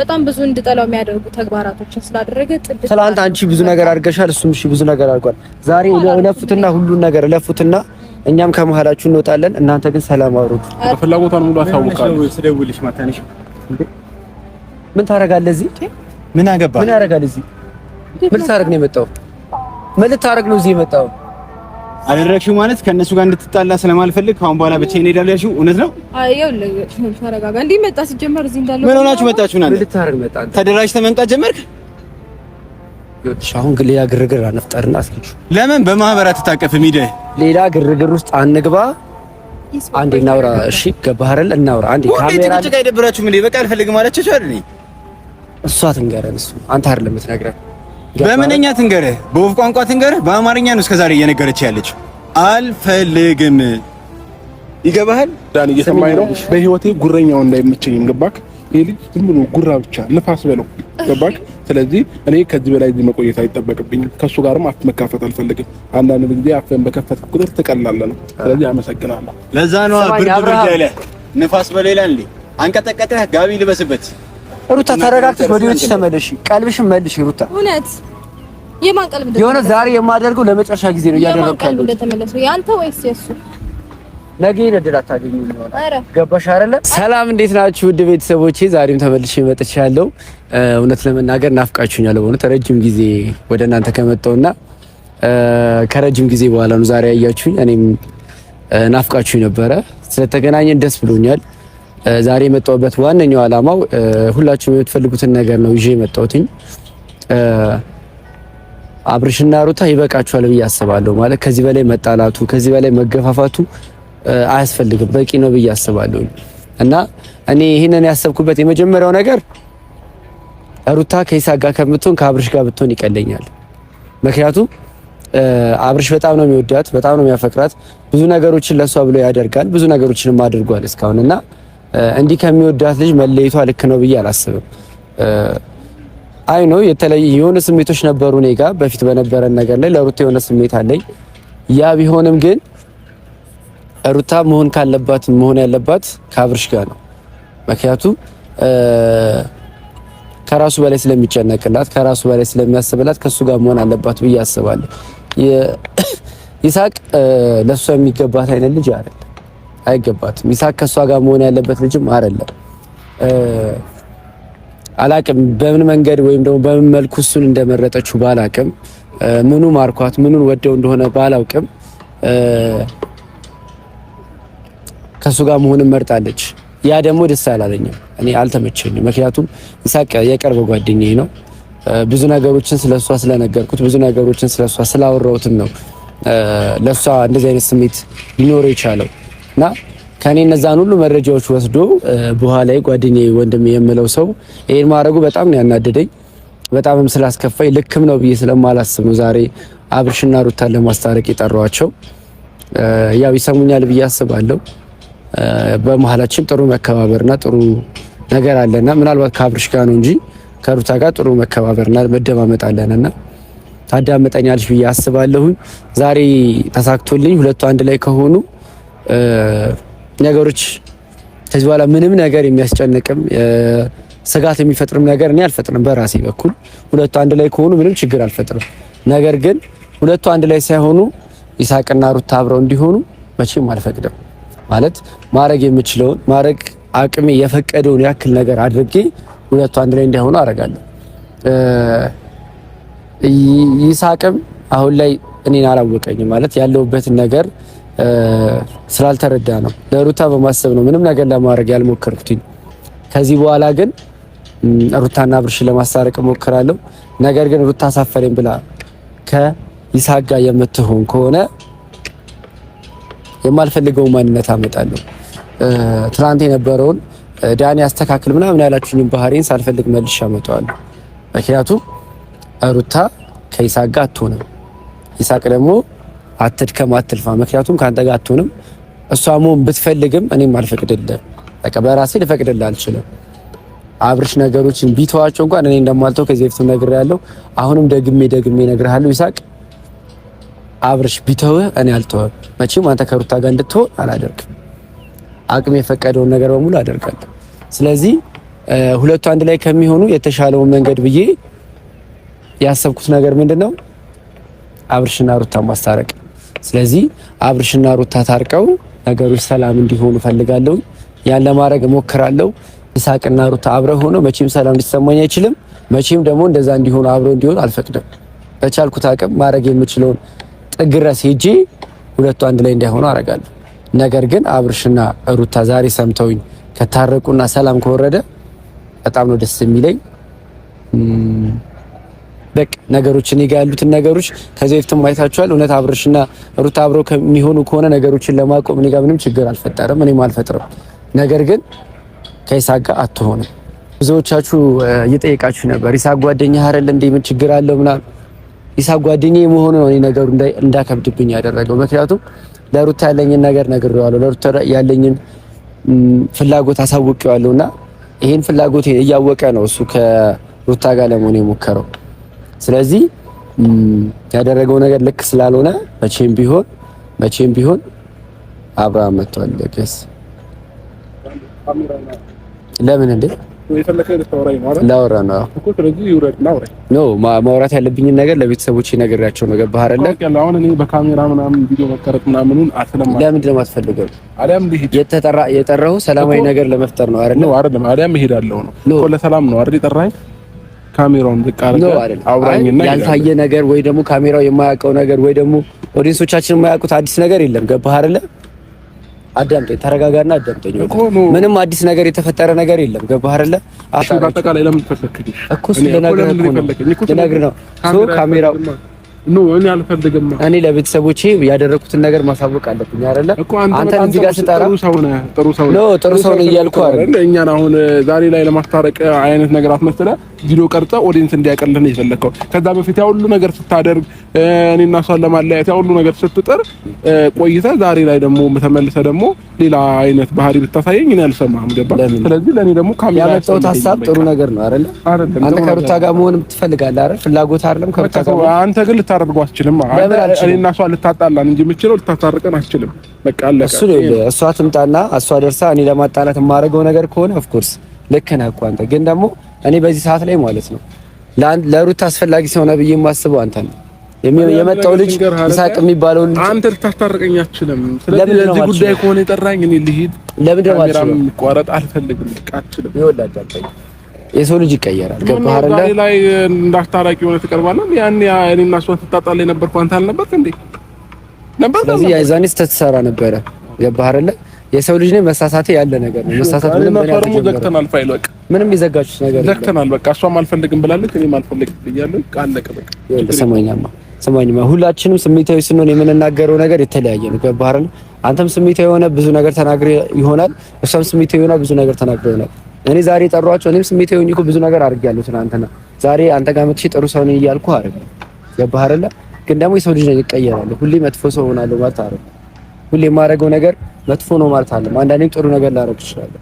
በጣም ብዙ እንድጠላው የሚያደርጉ ተግባራቶችን ስላደረገ ጥድ ትላንት አንቺ ብዙ ነገር አድርገሻል፣ እሱም እሺ ብዙ ነገር አድርጓል። ዛሬ ለፉትና ሁሉን ነገር ለፉትና እኛም ከመሀላችሁ እንወጣለን። እናንተ ግን ሰላም አውሩት። ፍላጎቷን ሙሉ አሳውቃለሁ። ስደውልሽ ማታነሽ ምን ታረጋለህ? እዚህ ምን አገባ? ምን ያረጋል? እዚህ ምን ልታረግ ነው የመጣው? ምን ልታረግ ነው እዚህ የመጣው? አደረግሽው ማለት ከእነሱ ጋር እንድትጣላ ስለማልፈልግ ከአሁን በኋላ ብቻዬን እሄዳለሁ ያልሽው እውነት ነው? ተረጋጋ። እንዲህ መጣ ሲጀመር እዚህ እንዳለ ምን ሆናችሁ መጣችሁ? ተደራጅተህ መምጣት ጀመርክ? አሁን ግን ሌላ ግርግር አነፍጠርና ለምን በማህበር አትታቀፍም? ሂደህ ሌላ ግርግር ውስጥ አንግባ። አንዴ እናውራ። እሺ ገባህ አይደል? እናውራ። አንዴ ካሜራ ጭቃ አይደብራችሁም እንዴ? በቃ አልፈልግም አላችሁ አይደል? እሷ ትንገረን። እሱ አንተ አይደለም የምትነግረን በምንኛ ትንገርህ? በወፍ ቋንቋ ትንገርህ? በአማርኛ ነው እስከዛሬ እየነገረች ያለች። አልፈልግም። ይገባሃል? ዳን እየሰማኝ ነው። በህይወቴ ጉረኛው እንዳይመቸኝም ገባክ? ይሄ ልጅ ዝም ብሎ ጉራ ብቻ ንፋስ በለው ገባክ? ስለዚህ እኔ ከዚህ በላይ እዚህ መቆየት አይጠበቅብኝም። ከእሱ ጋርም አፍ መካፈት አልፈልግም። አንዳንድ ጊዜ አፍን በከፈት ቁጥር ትቀላለህ ነው። ስለዚህ አመሰግናለሁ። ለዛ ነው ብርድ ብርድ ያለ ንፋስ በለው ይላል። አንቀጠቀጠህ፣ ጋቢ ልበስበት ሩታ ተረጋግተሽ ወደ ቤትሽ ተመለሽ፣ ቀልብሽን መልሽ። ሩታ እውነት የማን ቀልብ ደግሞ የሆነ ዛሬ የማደርገው ለመጨረሻ ጊዜ ነው እያደረግኩ ያለው። ያንተ ወይስ የሱ? ነገ እድል አታገኝም። ገባሽ አይደለ? ሰላም፣ እንዴት ናችሁ ውድ ቤተሰቦቼ? ዛሬም ተመልሼ መጥቻለሁ። እውነት ለመናገር ናፍቃችሁኛል። በእውነት ረጅም ጊዜ ወደ እናንተ ከመጣሁና ከረጅም ጊዜ በኋላ ነው ዛሬ ያያችሁኝ። እኔም ናፍቃችሁኝ ነበረ። ስለተገናኘን ደስ ብሎኛል። ዛሬ የመጣሁበት ዋነኛው አላማው ሁላችሁም የምትፈልጉትን ነገር ነው ይዤ የመጣሁትኝ። አብርሽና ሩታ ይበቃችኋል ብዬ አስባለሁ። ማለት ከዚህ በላይ መጣላቱ፣ ከዚህ በላይ መገፋፋቱ አያስፈልግም፣ በቂ ነው ብዬ አስባለሁ። እና እኔ ይህንን ያሰብኩበት የመጀመሪያው ነገር ሩታ ከይሳ ጋር ከምትሆን ከአብርሽ ጋር ብትሆን ይቀለኛል። ምክንያቱም አብርሽ በጣም ነው የሚወዳት፣ በጣም ነው የሚያፈቅራት። ብዙ ነገሮችን ለእሷ ብሎ ያደርጋል። ብዙ ነገሮችንም አድርጓል እስካሁን እና እንዲህ ከሚወዳት ልጅ መለየቷ ልክ ነው ብዬ አላስብም። አይ ነው የተለየ የሆነ ስሜቶች ነበሩ እኔ ጋር በፊት በነበረን ነገር ላይ ለሩታ የሆነ ስሜት አለኝ። ያ ቢሆንም ግን ሩታ መሆን ካለባት መሆን ያለባት ከአብርሽ ጋር ነው። ምክንያቱም ከራሱ በላይ ስለሚጨነቅላት ከራሱ በላይ ስለሚያስብላት ከሱ ጋር መሆን አለባት ብዬ አስባለሁ። ይሳቅ ለእሷ የሚገባት አይነት ልጅ አለ አይገባትም። ይሳቅ ከሷ ጋር መሆን ያለበት ልጅም አይደለም። አላቅም በምን መንገድ ወይም ደግሞ በምን መልኩ እሱን እንደመረጠችው ባላቅም፣ ምኑ ማርኳት ምኑን ወደው እንደሆነ ባላውቅም ከእሱ ጋር መሆንን መርጣለች። ያ ደግሞ ደስ አላለኝም፣ እኔ አልተመቸኝም። ምክንያቱም ይሳቅ የቅርብ ጓደኛዬ ነው። ብዙ ነገሮችን ስለሷ ስለነገርኩት ብዙ ነገሮችን ስለሷ ስላወራሁትም ነው ለሷ እንደዚህ አይነት ስሜት ሊኖረው የቻለው። እና ከኔ እነዛን ሁሉ መረጃዎች ወስዶ በኋላ ላይ ጓደኛዬ ወንድሜ የምለው ሰው ይሄን ማድረጉ በጣም ነው ያናደደኝ። በጣምም ስላስከፋኝ ልክም ነው ብዬ ስለማላስብ ነው ዛሬ አብርሽና ሩታን ለማስታረቅ የጠሯቸው ያው ይሰሙኛል ብዬ አስባለሁ። በመሀላችን ጥሩ መከባበርና ጥሩ ነገር አለና ምናልባት ከአብርሽ ጋር ነው እንጂ ከሩታ ጋር ጥሩ መከባበርና መደማመጥ አለንና ታዳመጠኛለች ብዬ አስባለሁኝ። ዛሬ ተሳክቶልኝ ሁለቱ አንድ ላይ ከሆኑ ነገሮች ከዚህ በኋላ ምንም ነገር የሚያስጨንቅም ስጋት የሚፈጥርም ነገር እኔ አልፈጥርም። በራሴ በኩል ሁለቱ አንድ ላይ ከሆኑ ምንም ችግር አልፈጥርም። ነገር ግን ሁለቱ አንድ ላይ ሳይሆኑ ይሳቅና ሩታ አብረው እንዲሆኑ መቼም አልፈቅድም። ማለት ማድረግ የምችለውን ማድረግ አቅሜ የፈቀደውን ያክል ነገር አድርጌ ሁለቱ አንድ ላይ እንዳይሆኑ አደርጋለሁ። ይሳቅም አሁን ላይ እኔን አላወቀኝም ማለት ያለውበትን ነገር ስላልተረዳ ነው። ለሩታ በማሰብ ነው ምንም ነገር ለማድረግ ያልሞከርኩትኝ። ከዚህ በኋላ ግን ሩታና ብርሽ ለማስታረቅ ሞክራለሁ። ነገር ግን ሩታ አሳፈረኝ ብላ ከይስሐቅ ጋር የምትሆን ከሆነ የማልፈልገውን ማንነት አመጣለሁ። ትናንት የነበረውን ዳኒ አስተካክል ምናምን ያላችሁኝም ባህሪን ሳልፈልግ መልሼ አመጣዋለሁ። ምክንያቱም ሩታ ከይስሐቅ ጋር አትሆንም። ይስሐቅ ደግሞ አትድከም፣ አትልፋ። ምክንያቱም ከአንተ ጋር አትሆንም። እሷ መሆን ብትፈልግም እኔም አልፈቅድልህ፣ በቃ በራሴ ልፈቅድልህ አልችልም። አብርሽ ነገሮችን ቢተዋቸው እንኳን እኔ እንደማልተው ከዚህ በፊት ነግሬሃለሁ። አሁንም ደግሜ ደግሜ እነግርሃለሁ ይሳቅ አብርሽ ቢተውህ እኔ አልተወህም። መቼም አንተ ከሩታ ጋር እንድትሆን አላደርግም። አቅም የፈቀደውን ነገር በሙሉ አደርጋለሁ። ስለዚህ ሁለቱ አንድ ላይ ከሚሆኑ የተሻለውን መንገድ ብዬ ያሰብኩት ነገር ምንድን ነው? አብርሽና ሩታ ማስታረቅ ስለዚህ አብርሽና ሩታ ታርቀው ነገሮች ሰላም እንዲሆኑ ፈልጋለሁ። ያን ለማድረግ እሞክራለሁ። ይሳቅና ሩታ አብረው ሆኖ መቼም ሰላም ሊሰማኝ አይችልም። መቼም ደግሞ እንደዛ እንዲሆኑ አብረው እንዲሆን አልፈቅድም። በቻልኩት አቅም ማድረግ የምችለውን ጥግረስ ሄጄ ሁለቱ አንድ ላይ እንዳይሆኑ አረጋለሁ። ነገር ግን አብርሽና ሩታ ዛሬ ሰምተውኝ ከታረቁና ሰላም ከወረደ በጣም ነው ደስ የሚለኝ። በቃ ነገሮች እኔ ጋር ያሉትን ነገሮች ከዚህ በፊትም አይታችኋል። እውነት አብርሽና ሩት አብረው ከሚሆኑ ከሆነ ነገሮችን ለማቆም እኔ ጋር ምንም ችግር አልፈጠረም፣ እኔም አልፈጥረም። ነገር ግን ከይሳቅ ጋር አትሆንም። ብዙዎቻችሁ እየጠየቃችሁ ነበር፣ ይሳቅ ጓደኛህ አይደል እንዴ? ምን ችግር አለው ምናምን። ይሳቅ ጓደኛዬ የመሆኑ ነው እኔ ነገሩ እንዳከብድብኝ ያደረገው። ምክንያቱም ለሩት ያለኝን ነገር ነግሬዋለሁ፣ ለሩት ያለኝን ፍላጎት አሳውቄዋለሁ እና ይህን ፍላጎት እያወቀ ነው እሱ ከሩታ ጋር ለመሆን የሞከረው ስለዚህ ያደረገው ነገር ልክ ስላልሆነ መቼም ቢሆን መቼም ቢሆን አብርሃም መጥቷል። ቄስ ለምን እንዴ ላወራ ነው ነው ማውራት ያለብኝን ነገር ለቤተሰቦች ነግሬያቸው ነው። ገባህ አይደለ? በካሜራ ምናምን ቪዲዮ መቀረጥ ምናምኑን ለምንድን ነው የማትፈልገው? የተጠራ የጠራሁ ሰላማዊ ነገር ለመፍጠር ነው አይደለ? አይደለም አዳም እሄዳለሁ ነው እኮ ለሰላም ነው አይደል የጠራኸኝ ካሜራውን ዝቅ አውራኝና ያልታየ ነገር ወይ ደግሞ ካሜራው የማያውቀው ነገር ወይ ደግሞ ኦዲንሶቻችን የማያውቁት አዲስ ነገር የለም። ገባህ አይደለ? አዳምጠኝ፣ ተረጋጋና አዳምጠኝ። ምንም አዲስ ነገር የተፈጠረ ነገር የለም። ገባህ አይደለ? አሽባ ተቃላይ ለምን ተፈለከኝ እኮ ስለነገር ነው ካሜራው ኖ እኔ አልፈልግም። እኔ ለቤተሰቦቼ ያደረኩትን ነገር ማሳወቅ አለብኝ አይደለ? አንተ እዚህ ጋር ስጠራ ጥሩ ሰው ነህ፣ ጥሩ ሰው ነህ፣ ጥሩ ሰው ነህ እያልኩ አይደል? እኛን አሁን ዛሬ ላይ ለማስታረቅ አይነት ነገር አትመስለ ቪዲዮ ቀርጸ ኦዲንስ እንዲያቀልህ ነው ከዛ በፊት ያው ነገር ስታደርግ እኔና እሷን ለማለያየት ያው ነገር ስትጥር ቆይተ ዛሬ ላይ ደግሞ ተመልሰህ ደግሞ ሌላ አይነት ባህሪ ብታሳየኝ እኔ አልሰማህም። ገባህ? ስለዚህ ለእኔ ደግሞ ካሜራ ያመጣሁት ሀሳብ ጥሩ ነገር ነው አይደለ? አንተ ከሩታ ጋር መሆንም ትፈልጋለህ አይደል? ፍላጎት አይደለም ከሩታ ጋር አንተ ግን ልታደርገው አትችልም። እኔና እሷ ልታጣላን እንጂ የምችለው ልታታርቀን አትችልም። በቃ አለ እሱ እሷ ትምጣና እሷ ደርሳ እኔ ለማጣላት የማደርገው ነገር ከሆነ ኦፍኮርስ ልክ ነህ እኮ አንተ። ግን ደግሞ እኔ በዚህ ሰዓት ላይ ማለት ነው ለሩት አስፈላጊ ሲሆነ ብዬ የማስበው አንተ ነው። የመጣው ልጅ ይሳቅ የሚባለው ልጅ አንተ ልታስታርቀኝ አትችልም። ስለዚህ ለዚህ ጉዳይ ከሆነ የጠራኝ እኔ ልሂድ። ለምን ደግሞ አልችልም፣ ይቋረጥ አልፈልግም። የሰው ልጅ ይቀየራል። ገባህ አይደል? ዛሬ ላይ እንዳስታራቂ ሆነ ትቀርባለህ። ያኔ እኔና እሷ ትጣጣለህ ነበርኩ። አንተ አልነበርክ እንዴ? ነበር። ስለዚህ የዛኔ ስህተት ትሰራ ነበረ። ገባህ አይደል? የሰው ልጅ ነው። መሳሳቴ ያለ ነገር ነው። መሳሳት ምንም ነገር ፈርሙ ዘግተናል። ፋይል በቃ ምንም የዘጋችሁት ነገር ዘግተናል። በቃ እሷም አልፈልግም ብላለች፣ እኔም አልፈልግም ብያለሁ። አለቀ በቃ። ሰማኛማ ስማኝማ፣ ሁላችንም ስሜታዊ ስንሆን የምንናገረው ነገር የተለያየ ነው። ገባህ አይደል? አንተም ስሜታዊ የሆነ ብዙ ነገር ተናግሬ ይሆናል፣ እሷም ስሜታዊ የሆነ ብዙ ነገር ተናግሬ ይሆናል። እኔ ዛሬ ጠሯቸው። እኔም ስሜት የሆኝ እኮ ብዙ ነገር አድርጌያለሁ ትናንትና። ዛሬ አንተ ጋር መጥቼ ጥሩ ሰው ነኝ እያልኩ አረግ ገባህ አይደለ? ግን ደግሞ የሰው ልጅ ነኝ እቀየራለሁ። ሁሌ መጥፎ ሰው ሆናለሁ ማለት አረግ ሁሌ የማደርገው ነገር መጥፎ ነው ማለት አለ። አንዳንዴም ጥሩ ነገር ላረግ እችላለሁ።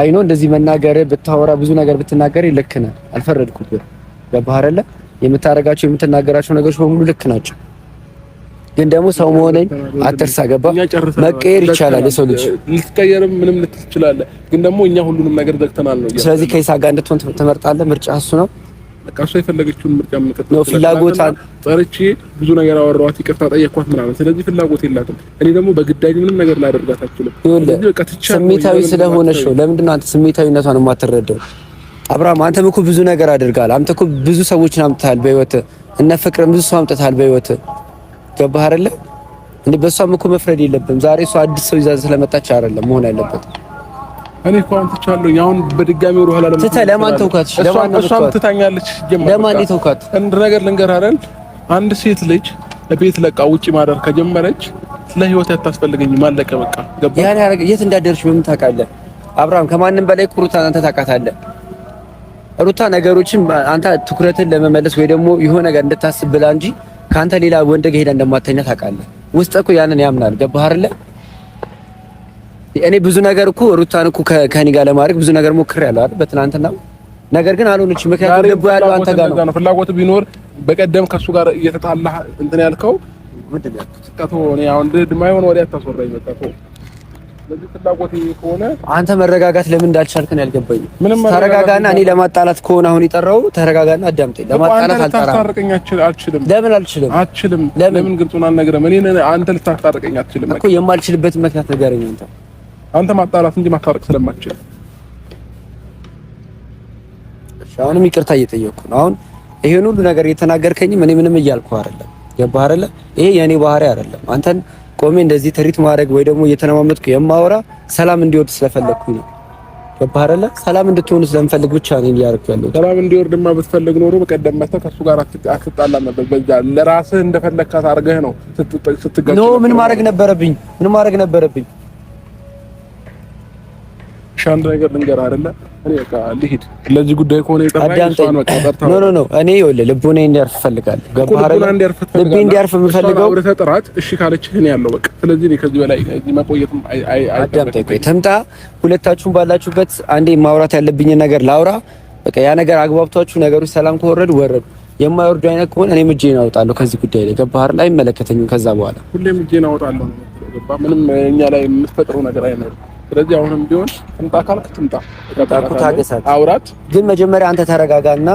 አይ ኖ እንደዚህ መናገር ብታወራ ብዙ ነገር ብትናገር ልክ ነህ፣ አልፈረድኩብህ። ገባህ አይደለ? የምታደርጋቸው የምትናገራቸው ነገሮች በሙሉ ልክ ናቸው። ግን ደግሞ ሰው መሆነኝ አትርሳ። ገባ መቀየር ይቻላል። የሰው ልጅ ልትቀየርም ምንም ልትል ትችላለህ። ግን ደግሞ እኛ ሁሉንም ነገር ዘግተናል ነው። ስለዚህ ከይሳ ጋር እንድትሆን ትመርጣለህ። ምርጫ እሱ ነው። በቃ እሷ የፈለገችውን ምርጫ መከተል ነው ፍላጎት። ጠርቼ ብዙ ነገር አወራኋት፣ ይቅርታ ጠየኳት ምናምን። ስለዚህ ፍላጎት የላትም። እኔ ደግሞ በግዳጅ ምንም ነገር ላደርጋት አልችልም። ስሜታዊ ስለሆነች ነው። ለምንድን ነው አንተ ስሜታዊነቷን የማትረዳው? አብርሃም አንተም እኮ ብዙ ነገር አድርጋል። አንተ እኮ ብዙ ሰዎችን አምጥተሃል በህይወት እነ ፍቅርም ብዙ ሰው አምጥተሃል በህይወት ገባህ አይደለ? እንዴ በእሷም እኮ መፍረድ የለብም። ዛሬ እሷ አዲስ ሰው ይዛ ስለመጣች አይደለም መሆን ያለበት። እኔ እኮ አንትቻለሁ። አሁን በድጋሚ ወደ ኋላ ለምን ለማን ተውካት? እሷም ትታኛለች። ለማን ነው ተውካት? እንድ ነገር ልንገርህ አይደል? አንድ ሴት ልጅ ቤት ለቃ ውጪ ማደር ከጀመረች ለህይወት ያታስፈልገኝ ማለቀ በቃ። ገባ። ያን ያረገ የት እንዳደረሽ በምን ታውቃለህ? አብርሃም ከማንም በላይ ሩታን አንተ ታውቃታለህ። ሩታ ነገሮችን አንተ ትኩረትን ለመመለስ ወይ ደግሞ የሆነ ነገር እንድታስብ ብላ እንጂ ከአንተ ሌላ ወንድ ጋር ሄዳ እንደማተኛ ታውቃለህ። ውስጥ እኮ ያንን ያምናል። ገባህ አይደለ? እኔ ብዙ ነገር እኮ ሩታን እኮ ከኔ ጋር ለማድረግ ብዙ ነገር ሞክሬያለሁ አይደል በትናንትና። ነገር ግን አልሆነችም። ምክንያቱም ልቡ ያለው አንተ ጋር ነው። ፍላጎት ቢኖር በቀደም ከሱ ጋር እየተጣላህ እንትን ያልከው ምንድን ነው ያልኩት? እኔ አሁን ድማይሆን ወዲያ ታስወራኝ በቃ ለዚህ ፍላጎቴ ከሆነ አንተ መረጋጋት ለምን እንዳልቻልክ ነው ያልገባኝ። ተረጋጋና፣ እኔ ለማጣላት ከሆነ አሁን የጠራው ተረጋጋና፣ አዳምጠኝ። ለማጣላት አልጠራም። አልችልም። ለምን አልችልም? አልችልም። ለምን ግልጹን አልነግረም? እኔ አንተ ልታስታርቀኝ አትችልም እኮ። የማልችልበት ምክንያት ንገረኝ። አንተ አንተ ማጣላት እንጂ ማስታረቅ ስለማትችል አሁንም ይቅርታ እየጠየቅኩ ነው። አሁን ይሄን ሁሉ ነገር እየተናገርከኝም እኔ ምንም እያልኩህ አይደለም። ገባህ አይደለ? ይሄ የእኔ ባህሪ አይደለም። አንተን ቆሜ እንደዚህ ትሪት ማድረግ ወይ ደግሞ እየተነማመጥኩ የማወራ ሰላም እንዲወርድ ስለፈለግኩኝ ነው። ገባህ አይደለ? ሰላም እንድትሆኑ ስለምፈልግ ብቻ ነው እያደረኩ ያለው። ሰላም እንዲወርድማ ብትፈልግ ኖሮ በቀደም መተህ ከእሱ ጋር አትጣላ ነበር። በዛ ለራስህ እንደፈለግካት አድርገህ ነው ስትገ ኖ ምን ማድረግ ነበረብኝ? ምን ማድረግ ነበረብኝ? አንድ ነገር ልንገር አይደለ እኔ በቃ ልሂድ። ለዚህ ጉዳይ ከሆነ እኔ ልቡን እንዲያርፍ እፈልጋለሁ። ባላችሁበት አንዴ ማውራት ያለብኝን ነገር ላውራ። በቃ ያ ነገር አግባብቷችሁ ነገሮች ሰላም ከወረዱ ወረዱ። የማይወርዱ አይነት ከሆነ እኔም እጄን አወጣለሁ ከዚህ ጉዳይ ላይ ገባህ? አይመለከተኝም። ከዛ በኋላ ሁሌም እጄን አወጣለሁ። ምንም እኛ ላይ የምትፈጥረው ነገር አይኖርም። ስለዚህ አሁንም ቢሆን ትምጣ ካልክ ትምጣ፣ ታገሳት፣ አውራት። ግን መጀመሪያ አንተ ተረጋጋና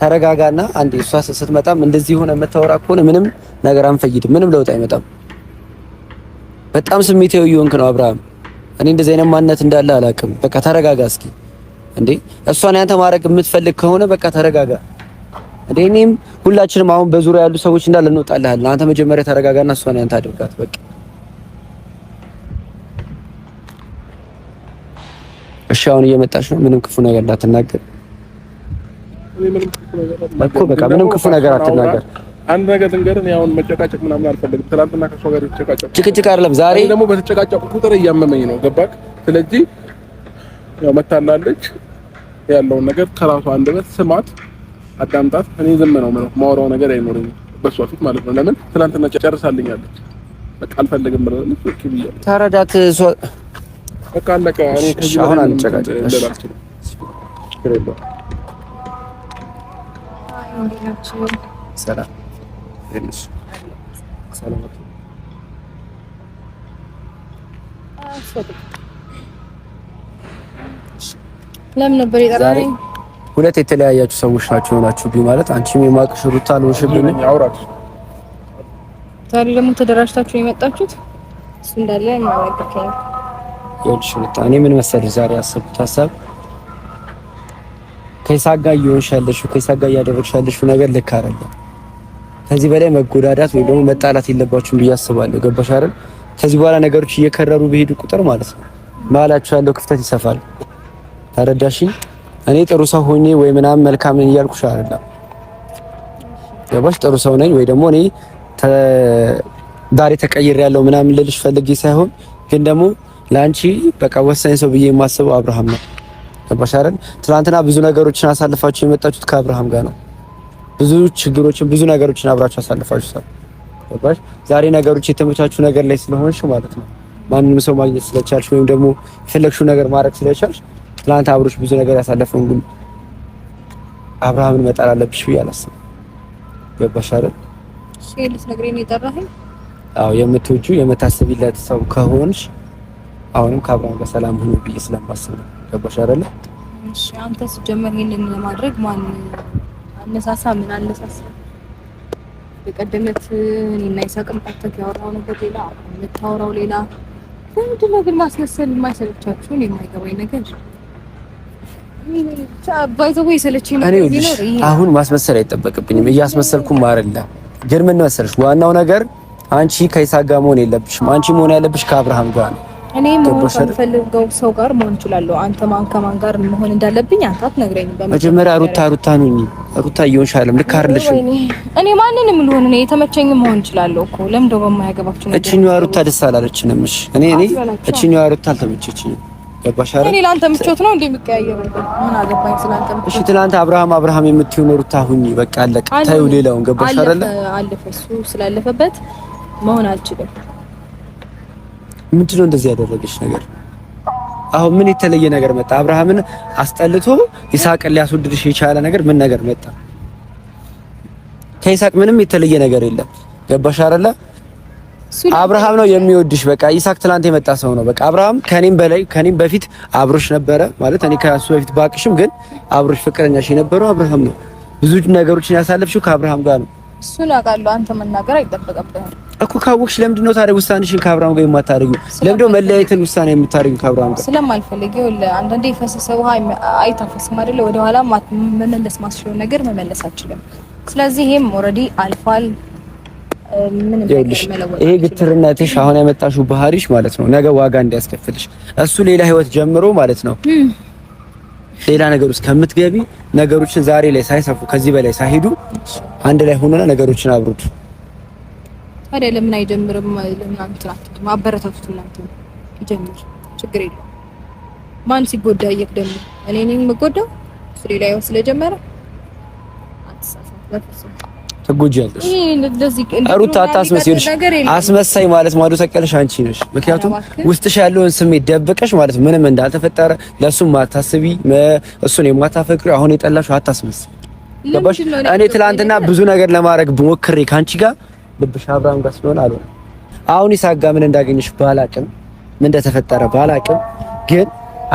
ተረጋጋና አንዴ እሷ ስትመጣም እንደዚህ ሆነ የምታወራ ከሆነ ምንም ነገር አንፈይድም፣ ምንም ለውጥ አይመጣም። በጣም ስሜታዊ የሆንክ ነው አብርሃም። እኔ እንደዚህ አይነት ማንነት እንዳለ አላውቅም። በቃ ተረጋጋ እስኪ እንዴ እሷን ያንተ ማድረግ የምትፈልግ ከሆነ በቃ ተረጋጋ። እንዴ እኔም ሁላችንም አሁን በዙሪያ ያሉ ሰዎች እንዳለ እንወጣልሃል። አንተ መጀመሪያ ተረጋጋና እሷን ያንተ አድርጋት በቃ እሺ አሁን እየመጣች ነው። ምንም ክፉ ነገር እንዳትናገር እኮ በቃ ምንም ክፉ ነገር አትናገር። አንድ ነገር ልንገርህ፣ አሁን መጨቃጨቅ ምናምን አልፈልግም። ትናንትና ከእሷ ጋር የተጨቃጨቁ ጭቅጭቅ አይደለም ዛሬ ደግሞ በተጨቃጨቁ ቁጥር እያመመኝ ነው። ገባክ? ስለዚህ ያው መታናለች ያለውን ነገር ከራሷ አንደበት ስማት፣ አዳምጣት። እኔ ዝም ነው ምነው ማውራው ነገር አይኖርም በሷ ፊት ማለት ነው። ለምን ትናንትና ጨርሳልኛለች። በቃ አልፈልግም ብለህ ተረዳት። በቃ አለቀ። እኔ ከዚህ አሁን አንጨቃጨቅ ሰላም ለምን ነበር የጠራኸኝ? ሁለት የተለያያችሁ ሰዎች ናቸው የሆናችሁብኝ። ማለት አንቺም የማቅሽ ሩታ አልሆንሽብኝ። ዛሬ ደግሞ ተደራጅታችሁ የመጣችሁት እሱ እንዳለ ይኸውልሽ ሩታ፣ እኔ ምን መሰለሽ ዛሬ ያሰብኩት ሀሳብ ከይሳቅ ጋር እየሆንሽ ያለሽው ከይሳቅ ጋር እያደረግሽ ያለሽው ነገር ልክ አይደለም። ከዚህ በላይ መጎዳዳት ወይ ደግሞ መጣላት የለባችሁም ብዬ አስባለሁ። ገባሽ አይደል? ከዚህ በኋላ ነገሮች እየከረሩ በሄዱ ቁጥር ማለት ነው መሀላችሁ ያለው ክፍተት ይሰፋል። ተረዳሽኝ? እኔ ጥሩ ሰው ሆኜ ወይ ምናምን መልካም ነኝ እያልኩሽ አይደለም። ገባሽ? ጥሩ ሰው ነኝ ወይ ደግሞ እኔ ዛሬ ተቀይሬያለሁ ምናምን ልልሽ ፈልጌ ሳይሆን ግን ደግሞ ለአንቺ በቃ ወሳኝ ሰው ብዬ የማስበው አብርሃም ነው። ገባሽ አይደል? ትናንትና ብዙ ነገሮችን አሳልፋችሁ የመጣችሁት ከአብርሃም ጋር ነው። ብዙ ችግሮችን፣ ብዙ ነገሮችን አብራችሁ አሳልፋችሁ ሰው ገባሽ። ዛሬ ነገሮች የተመቻቹ ነገር ላይ ስለሆንሽ ማለት ነው ማንም ሰው ማግኘት ስለቻልሽ ወይም ደግሞ የፈለግሽው ነገር ማድረግ ስለቻልሽ ትናንት አብሮሽ ብዙ ነገር ያሳለፈውን ግን አብርሃምን መጣል አለብሽ ብዬ አላስብም። ገባሽ አይደል? እሺ ልትነግሪኝ የጠራኸኝ? አዎ የምትወጁ የምታስቢለት ሰው ከሆንሽ አሁንም ከአብርሃም ጋር ሰላም ሆኖ ብዬ ስለማስብ ነው። ገባሽ አይደለ? እሺ። አንተ ሲጀመር ይሄንን ለማድረግ ማን አነሳሳ? ምን አነሳሳ? በቀደመት ዕለት እና ይሳቅም ፓርቲክ ያወራው ነገር ሌላ፣ የምታወራው ሌላ። ምንድን ነው ግን ማስመሰል የማይሰለቻችሁ? እኔ የማይገባኝ ነገር አሁን ማስመሰል አይጠበቅብኝም። እያስመሰልኩም አይደለም። ግን ምን መሰለሽ፣ ዋናው ነገር አንቺ ከይሳቅ ጋር መሆን የለብሽም። አንቺ መሆን ያለብሽ ከአብርሃም ጋር ነው። እኔ መሆን ከምፈልገው ሰው ጋር መሆን እችላለሁ። አንተ ማን ከማን ጋር መሆን እንዳለብኝ አንተ አትነግረኝም። መጀመሪያ ሩታ ሩታ ነኝ ሩታ እየሆንሻለም ልክ አይደለሽ። እኔ ማንንም ልሆን እኔ የተመቸኝም መሆን እችላለሁ እኮ ለምን ደው በማያገባችሁ ነገር። እቺኛዋ ሩታ ደስ አላለችንም። እሺ እኔ እኔ እቺኛዋ ሩታ አልተመቸችኝም። ገባሽ እኔ ለአንተ ምቾት ነው እንዴ የሚቀያየር ምን አገባኝ ስላንተ። እሺ ትናንት አብርሃም አብርሃም የምትሆን ሩታ ሁኚ በቃ አለቀ። ታዩ ሌላውን ገባሽ አይደል? አለፈ እሱ ስላለፈበት መሆን አልችልም ምንድነው እንደዚህ ያደረገች ነገር? አሁን ምን የተለየ ነገር መጣ? አብርሃምን አስጠልቶ ይስሐቅን ሊያስወድድሽ የቻለ ነገር ምን ነገር መጣ? ከይስሐቅ ምንም የተለየ ነገር የለም። ገባሽ አይደለ? አብርሃም ነው የሚወድሽ። በቃ ይስሐቅ ትላንት የመጣ ሰው ነው። በቃ አብርሃም ከኔም በላይ ከኔም በፊት አብሮሽ ነበረ ማለት እኔ ከሱ በፊት ባቅሽም፣ ግን አብሮሽ ፍቅረኛሽ የነበረው አብርሃም ነው። ብዙ ነገሮችን ያሳለፍሽው ከአብርሃም ጋር ነው። እሱን አውቃለሁ። አንተ መናገር አይጠበቅብህም እኮ ካወቅሽ፣ ለምንድን ነው ታዲያ ውሳኔሽን ከአብርሃም ጋር የማታደርጊው? ለምንድን ነው መለያየትን ውሳኔ የምታደርጊው ከአብርሃም ጋር? ስለማልፈልግ። ይኸውልህ አንዳንዴ የፈሰሰ ውሃ አይታፈስም አይደለ? ወደኋላ መመለስ ማስችለው ነገር መመለስ አችልም። ስለዚህ ይሄም ኦልሬዲ አልፏል። ይሄ ግትርነትሽ አሁን ያመጣሽው ባህሪሽ ማለት ነው ነገ ዋጋ እንዲያስከፍልሽ እሱ ሌላ ህይወት ጀምሮ ማለት ነው ሌላ ነገር ውስጥ ከምትገቢ ነገሮችን ዛሬ ላይ ሳይሰፉ ከዚህ በላይ ሳይሄዱ አንድ ላይ ሆነና ነገሮችን አብሩት። ታዲያ ለምን አይጀምርም? ለምን አንጥራት ማበረታቱት እናንተ ይጀምር፣ ችግር የለም። ማን ሲጎዳ ይክ ደግሞ እኔ ነኝ የምጎዳው? ስሪ ላይ ስለጀመረ አትሳሳት። ትጎጃለሽ። ሩታ አታስመስይልሽ። አስመሳይ ማለት ማዶ ተቀለሽ አንቺ ነሽ። ምክንያቱም ውስጥሽ ያለውን ስሜት ደብቀሽ ማለት ምንም እንዳልተፈጠረ ለሱ ማታስቢ፣ እሱን የማታፈቅሪ አሁን የጠላሽው አታስመስይ። እኔ ትላንትና ብዙ ነገር ለማድረግ ሞክሬ ከአንቺ ጋር ልብሽ አብርሃም ጋር ስለሆነ አልሆነ። አሁን ይሳቅ ምን እንዳገኘሽ ባላቅም፣ ምን እንደተፈጠረ ባላቅም ግን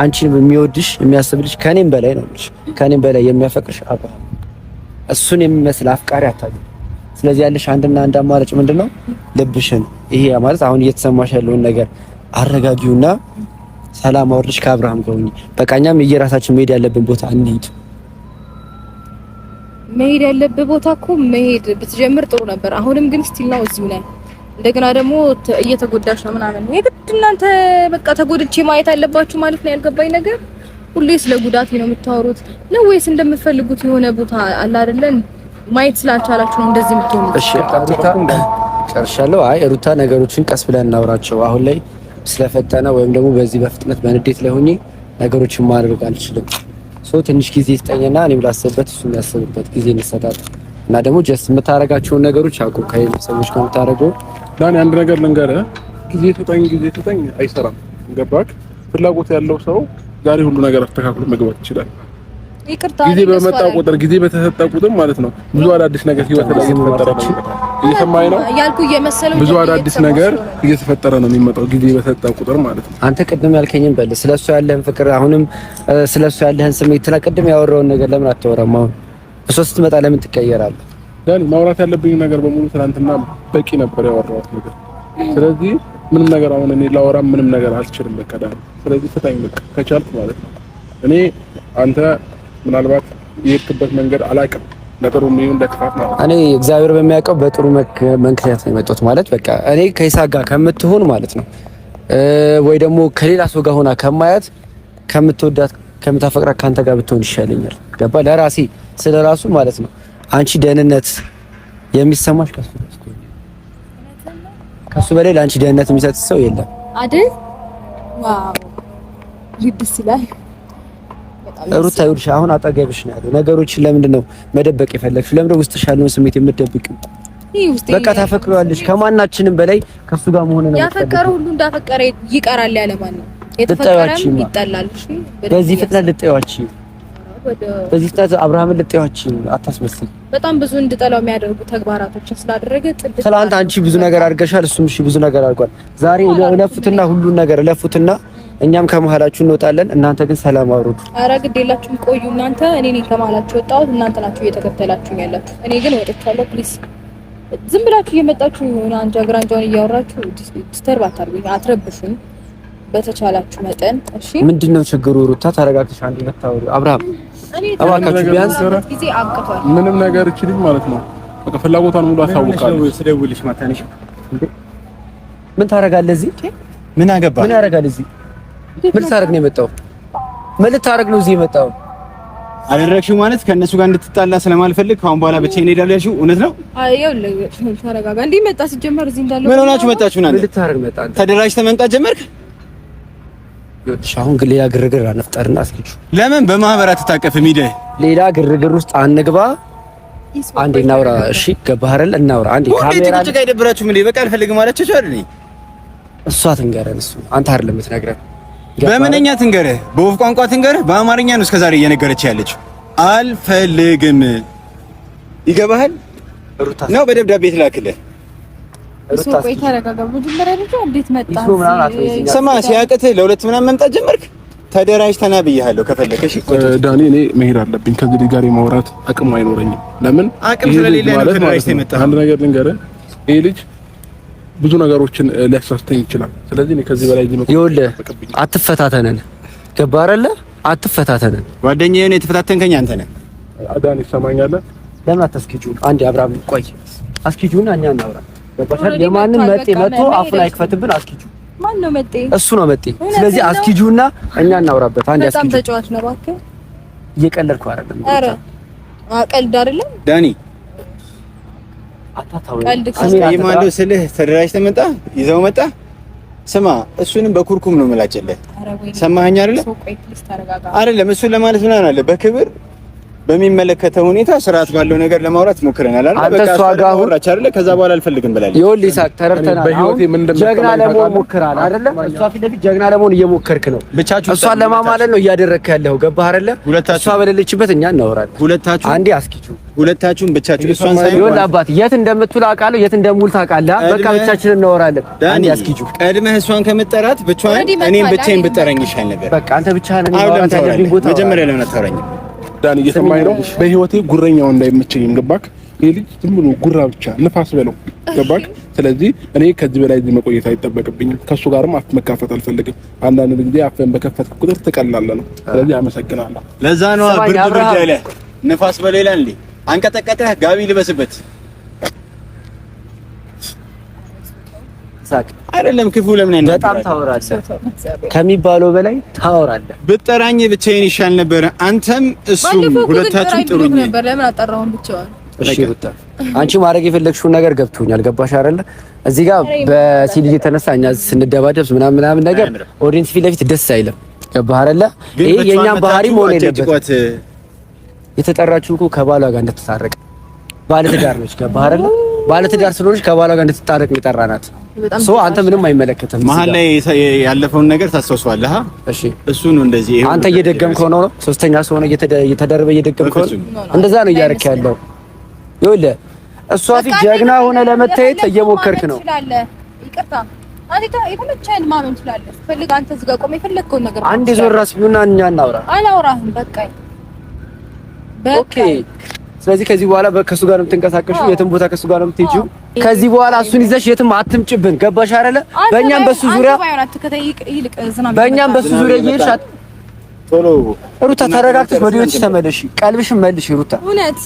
አንቺን የሚወድሽ የሚያስብልሽ ከኔም በላይ ነው። ከኔም በላይ የሚያፈቅርሽ አብርሃም እሱን የሚመስል አፍቃሪ አታገኝ። ስለዚህ ያለሽ አንድና አንድ አማራጭ ምንድነው ልብሽን ይሄ ማለት አሁን እየተሰማሽ ያለውን ነገር አረጋጊውና ሰላም አውርድሽ ከአብርሃም ጋር ሁኚ። በቃ እኛም እየራሳችን መሄድ ያለብን ቦታ እንሂድ። መሄድ ያለብህ ቦታ እኮ መሄድ ብትጀምር ጥሩ ነበር። አሁንም ግን ስቲል ነው እዚሁ ነን። እንደገና ደግሞ እየተጎዳሽ ነው ምናምን። የግድ እናንተ በቃ ተጎድቼ ማየት አለባችሁ ማለት ነው። ያልገባኝ ነገር ሁሌ ስለ ጉዳቴ ነው የምታወሩት ነው ወይስ እንደምትፈልጉት የሆነ ቦታ አለ አይደለን ማየት ስላልቻላችሁ ነው እንደዚህ የምትሆኑት? እሺ ጨርሻለሁ። አይ ሩታ፣ ነገሮችን ቀስ ብለን እናውራቸው። አሁን ላይ ስለፈተነ ወይም ደግሞ በዚህ በፍጥነት በንዴት ላይ ሆኜ ነገሮችን ማድረግ አልችልም። ሶ ትንሽ ጊዜ ይስጠኝና እኔም ላስብበት፣ እሱ የሚያስብበት ጊዜ እንሰጣጥ እና ደግሞ ጀስት የምታረጋቸውን ነገሮች አቁ ከሌላ ሰዎች ከምታረገው ዳኒ፣ አንድ ነገር ልንገርህ፣ ጊዜ ስጠኝ፣ ጊዜ ስጠኝ አይሰራም። ገባክ? ፍላጎት ያለው ሰው ዛሬ ሁሉ ነገር አስተካክሎ መግባት ይችላል። ጊዜ በመጣ ቁጥር ጊዜ በተሰጠ ቁጥር ማለት ነው ብዙ አዳዲስ ነገር ህይወት ላይ እየተፈጠረ ነው። እየሰማኸኝ ነው ያልኩ እየመሰለው ብዙ አዳዲስ ነገር እየተፈጠረ ነው የሚመጣው ጊዜ በተሰጠ ቁጥር ማለት ነው። አንተ ቅድም ያልከኝን በል ስለሱ ያለህን ፍቅር አሁንም ስለሱ ያለህን ስሜት ትላ ቅድም ያወራውን ነገር ለምን አታወራም? አሁን እሷ ስትመጣ ለምን ትቀየራለህ? ዳኒ ማውራት ያለብኝ ነገር በሙሉ ትናንትና በቂ ነበር ያወራሁት ነገር ስለዚህ ምንም ነገር አሁን እኔ ላወራም ምንም ነገር አልችልም። በቃ ዳኒ፣ ስለዚህ ፍታኝ በቃ ከቻልክ ማለት ነው። እኔ አንተ ምናልባት የሄድክበት መንገድ አላውቅም፣ ለጥሩ የሚሆን ለክፋት ማለት እኔ እግዚአብሔር በሚያውቀው በጥሩ መንክንያት ነው የመጣሁት ማለት በቃ እኔ ከይሳቅ ጋር ከምትሆን ማለት ነው ወይ ደግሞ ከሌላ ሰው ጋር ሆና ከማያት ከምትወዳት ከምታፈቅራት ከአንተ ጋር ብትሆን ይሻለኛል። ገባ ለራሴ ስለራሱ ማለት ነው። አንቺ ደህንነት የሚሰማሽ ከሱ ከሱ በላይ ለአንቺ ደህንነት የሚሰጥ ሰው የለም አይደል? ዋው ልብስ ይላል። ሩታ ይኸውልሽ፣ አሁን አጠገብሽ ነው ያለው። ነገሮችን ለምንድን ነው መደበቅ የፈለግሽው? ለምንድን ነው ውስጥሽ ያለውን ስሜት የምትደብቂው? በቃ ታፈቅሪዋለሽ። ከማናችንም በላይ ከሱ ጋር መሆን ነው። ያፈቀረ ሁሉ እንዳፈቀረ ይቀራል ያለማን ማን ነው? የተፈቀረም ይጠላል። በዚህ ፍጥነት ልጠይዋችሁ በዚህ ፍጥነት አብርሃምን ልጠዋች አታስመስል። በጣም ብዙ እንድጠላው የሚያደርጉ ተግባራቶችን ስላደረገ ትላንት አንቺ ብዙ ነገር አድርገሻል፣ እሱም እሺ ብዙ ነገር አድርጓል። ዛሬ ለፉትና ሁሉን ነገር ለፉትና እኛም ከመሀላችሁ እንወጣለን። እናንተ ግን ሰላም አውሩት። አረ ግድ የላችሁም፣ ቆዩ እናንተ። እኔ ነኝ ከመሀላችሁ ወጣሁት፣ እናንተ ናችሁ እየተከተላችሁ ያላችሁ። እኔ ግን ወጥቻለሁ። ፕሊስ ዝም ብላችሁ እየመጣችሁ የሆነ አንጃ ግራንጃውን እያወራችሁ ዲስተርብ አታርጉኝ፣ አትረብሹኝ በተቻላችሁ መጠን እሺ። ምንድነው ችግሩ? ሩታ ተረጋግተሽ አንድ መታወሩ አብርሃም እባካችሁ ቢያንስ ምንም ነገር ይችልኝ ማለት ነው። በቃ ፍላጎቷን ሙሉ አሳውቃለሁ። ስደውልሽ ማታነሽ ምን ታደርጋለህ? እዚህ ምን አገባ? ምን ያደርጋለህ? እዚህ ምን ልታደርግ ነው የመጣው? ምን ልታደርግ ነው እዚህ የመጣው? አደረግሽው ማለት ከእነሱ ጋር እንድትጣላ ስለማልፈልግ ከአሁን በኋላ ብቻዬን እሄዳለሁ ያልሽው እውነት ነው? ተረጋጋ። እንዲህ መጣ ሲጀመር እዚህ እንዳለው ምን ሆናችሁ መጣችሁ? ተደራጅተህ መምጣት ጀመርክ? አሁን ግን ሌላ ግርግር አነፍጠርና አስልሽ ለምን በማህበር አትታቀፍ? ሚደ ሌላ ግርግር ውስጥ አንግባ። አንዴ እናውራ። እሺ ገባህ አይደል? እናውራ አንዴ። ካሜራ ቁጭ ጋር ይደብራችሁ ምን በቃ አልፈልግም አላችሁ አይደል? እሷ ትንገረን። እሱ አንተ አይደል የምትነግረን። በምንኛ ትንገረ? በወፍ ቋንቋ ትንገረ? በአማርኛ ነው እስከዛሬ እየነገረች ያለች። አልፈልግም። ይገባሃል? ነው በደብዳቤ ትላክልህ ስማ ሲያቅትህ ለሁለት ምናምን መምጣት ጀመርክ። ተና ብያለሁ። ከፈለከሽ ዳኒ፣ እኔ መሄድ አለብኝ። ከዚህ ጋር የማውራት አቅም አይኖረኝም። ለምን አቅም ስለሌለ ነው ተደራጅተህ የመጣህ። አንድ ነገር ልንገርህ፣ ይሄ ልጅ ብዙ ነገሮችን ሊያሳስተኝ ይችላል። ስለዚህ እኔ ከዚህ በላይ ይመጣ ይኸውልህ፣ አትፈታተነን። ገባህ አይደለ? አትፈታተነን። ጓደኛዬ ነው የተፈታተንከኝ አንተ ነህ ዳኒ። ትሰማኛለህ? ለምን አታስኬጁን? አንዴ አብራም ቆይ፣ አስኬጁን እኛ እናውራ ገባሻል? የማንም መጤ መጥቶ አፉን አይክፈትብን። አስኪጁ ማን ነው መጤ? እሱ ነው መጤ። ስለዚህ አስኪጁና እኛ እናውራበት። አንድ አስኪጁ በጣም ተጫዋች ነው። እባክህ እየቀለድኩ አይደለም። አረ ቀልድ አይደለም ዳኒ አታታውቃለህ ስልህ ተደራጅተህ መጣ ይዘው መጣ። ስማ እሱንም በኩርኩም ነው የምላጭልህ። ሰማኸኝ አይደለ? አይደለም እሱን ለማለት ምናምን አለ በክብር በሚመለከተው ሁኔታ ስርዓት ባለው ነገር ለማውራት ሞክረናል አይደል? በቃ እሷ ጋር አወራች አይደል? ከዛ በኋላ አልፈልግም ብላለች። ይኸውልህ ይሳቅ ተረድተናል። በህይወቴ ምን እንደምትመጣ ጀግና ለመሆን ሞክራል አይደለ? እሷ ፊት ለፊት ጀግና ለመሆን እየሞከርክ ነው። ብቻችሁ እሷ ለማማለል ነው እያደረግክ ያለው። ገባህ ሁለታችሁ እሷ በሌለችበት እኛ እናወራለን። ሁለታችሁ አንዴ አስኪቹ ሁለታችሁም ብቻችሁ እሷን ሳይሆን ይኸውልህ አባት የት እንደምትውል አውቃለሁ፣ የት እንደምውል ታውቃለህ። በቃ ብቻችንን እናወራለን። አንዴ አስኪቹ ቀድመህ እሷን ከምጠራት ብቻዋን እኔም ብቻዬን ብጠረኝ ይሻል ነበር። በቃ አንተ ብቻህን ነው ያለው። መጀመሪያ ለምን አታወራኝም? ዳን እየሰማኝ ነው። በህይወቴ ጉረኛው እንዳይመቸኝም ገባክ? ይሄ ልጅ ዝም ብሎ ጉራ ብቻ ንፋስ በለው ገባክ? ስለዚህ እኔ ከዚህ በላይ እዚህ መቆየት አይጠበቅብኝም። ከእሱ ጋርም አፍ መካፈት አልፈልግም። አንዳንድ ጊዜ አፍን በከፈትክ ቁጥር ትቀላለህ ነው። ስለዚህ አመሰግናለሁ። ለዛ ነው ብርድ ብርድ ያለ ንፋስ በሌላ እንዴ አንቀጠቀጠህ ጋቢ ልበስበት አትሳቅ። አይደለም ክፉ ለምን አይነት በጣም ታወራለህ ከሚባለው በላይ ታወራለህ። ብጠራኝ ብቻዬን ይሻል ነበር። አንተም እሱ ሁለታችሁ ጥሩኝ ነበር። ለምን አጠራሁን ብቻዋን? እሺ ብታ አንቺ ማድረግ የፈለግሽውን ነገር ገብቶኛል። ገባሽ አይደለ? እዚህ ጋር በሲልጅ የተነሳ እኛ ስንደባደብ ምናምን ምናምን ነገር ኦዲንስ ፊት ለፊት ደስ አይልም። ገባህ አይደለ? ይሄ የኛ ባህሪ መሆን የለበት። የተጠራችሁ እኮ ከባሏ ጋር እንድትታረቅ ባለትዳር ነች። ገባህ አይደለ? ባለ ባለትዳር ስለሆነች ከባሏ ጋር እንድትታረቅ የጠራናት አንተ ምንም አይመለከትም። መሀል ላይ ያለፈውን ነገር ታስታውሳለህ። እሺ እሱ ነው እንደዚህ አንተ እየደገምከው ነው። ሶስተኛ ሰው ሆነ እየተደረበ እየደገምከው ነው። እንደዛ ነው እያደረክ ያለው። ይኸውልህ እሷ ፊት ጀግና ሆነ ለመታየት እየሞከርክ ነው። ይቅርታ አንተ የፈለግከውን ማመን ትችላለህ። ፈልግ አንተ እዚህ ጋር ነገር አንድ ዞር ራስ ቢሆን እኛ እናውራ። አላውራህም፣ በቃ ኦኬ። ስለዚህ ከዚህ በኋላ ከእሱ ጋር ነው የምትንቀሳቀሹ፣ የትም ቦታ ከእሱ ጋር ነው የምትሄጂው ከዚህ በኋላ እሱን ይዘሽ የትም አትምጭብን። ገባሽ አይደለ? በእኛም በሱ ዙሪያ በእኛም በሱ ዙሪያ እየሄድሽ ቶሎ ሩታ ተረጋግተሽ ወደ ቤትሽ ተመለሽ። ቀልብሽን መልሽ ሩታ። እውነት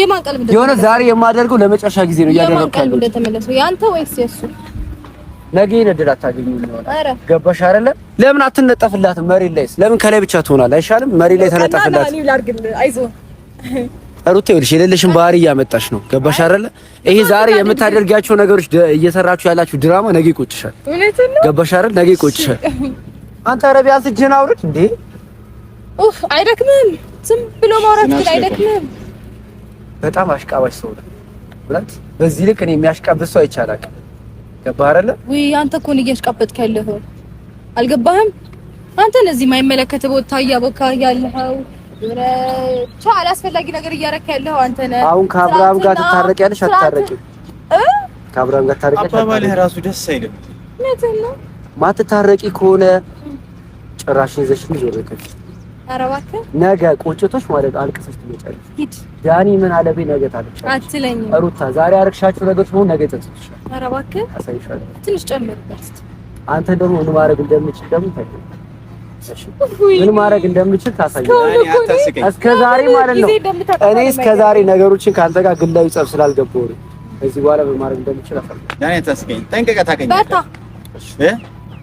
የማን ቀልብ የሆነ ዛሬ የማደርገው ለመጨረሻ ጊዜ ነው እያደረግካለሁ። ያንተ ወይስ የሱ? ነገ ይነድል አታገኙ ይሆናል። ገባሽ አይደለ? ለምን አትነጠፍላትም? መሬት ላይስ ለምን ከላይ ብቻ ትሆናል? አይሻልም? መሬት ላይ ተነጠፍላት። ሩቴ ወልሽ የሌለሽን ባህሪ እያመጣሽ ነው። ገባሽ አይደለ? ይሄ ዛሬ የምታደርጋቸው ነገሮች እየሰራችሁ ያላችሁ ድራማ ነገ ይቆጭሻል። ገባሽ አይደል? ነገ ይቆጭሻል። አንተ ኧረ ቢያንስ እጅህን አውርድ እንዴ! ኡፍ አይደክምህም? ዝም ብሎ ማውራት ግን አይደክምህም? በጣም አሽቃባሽ ሰው ነው። ብላት በዚህ ልክ እኔ የሚያሽቃብጥ ሰው አይቻላል። ገባህ አይደለ? ወይ አንተ እኮ ነው እያሽቃበጥክ ያለኸው። አልገባህም? አንተ እዚህ የማይመለከት ቦታ እያቦካ ያለኸው ብቻ አላስፈላጊ ነገር እያረካ ያለው አንተ ነህ። አሁን ከአብርሃም ጋር ያለሽ አታረቂ። ከአብርሃም ጋር ትታረቂያለሽ? አባባልህ ራሱ ደስ አይልም። እውነትህን ነው። ማትታረቂ ከሆነ ጭራሽ ይዘሽ ነው በቃ። ነገ ቆጭቶሽ ማለት አልቅሰሽ ትመጫለሽ። ሂድ ዳኒ ምን አለብኝ ነገ ታለቅሻለሽ አትለኝ። ሩታ ዛሬ አርቅሻቸው ነገሮች ሆኑ ነገ ይጸጽትሻል። ኧረ አሳይሻለሁ። ትንሽ ጨምርበት። አንተ ደግሞ ምን ማድረግ እንደምችል ደግሞ ታውቂያለሽ ምን ማድረግ እንደምችል ታሳያለህ። እስከ ዛሬ ማለት ነው እኔ እስከ ዛሬ ነገሮችን ከአንተ ጋር ግላዊ ጸብ ስላልገባሁ ነው። በኋላ ምን ማድረግ እንደምችል አሳያለሁ። ጠንቀቀህ ታገኛለህ። በርታ።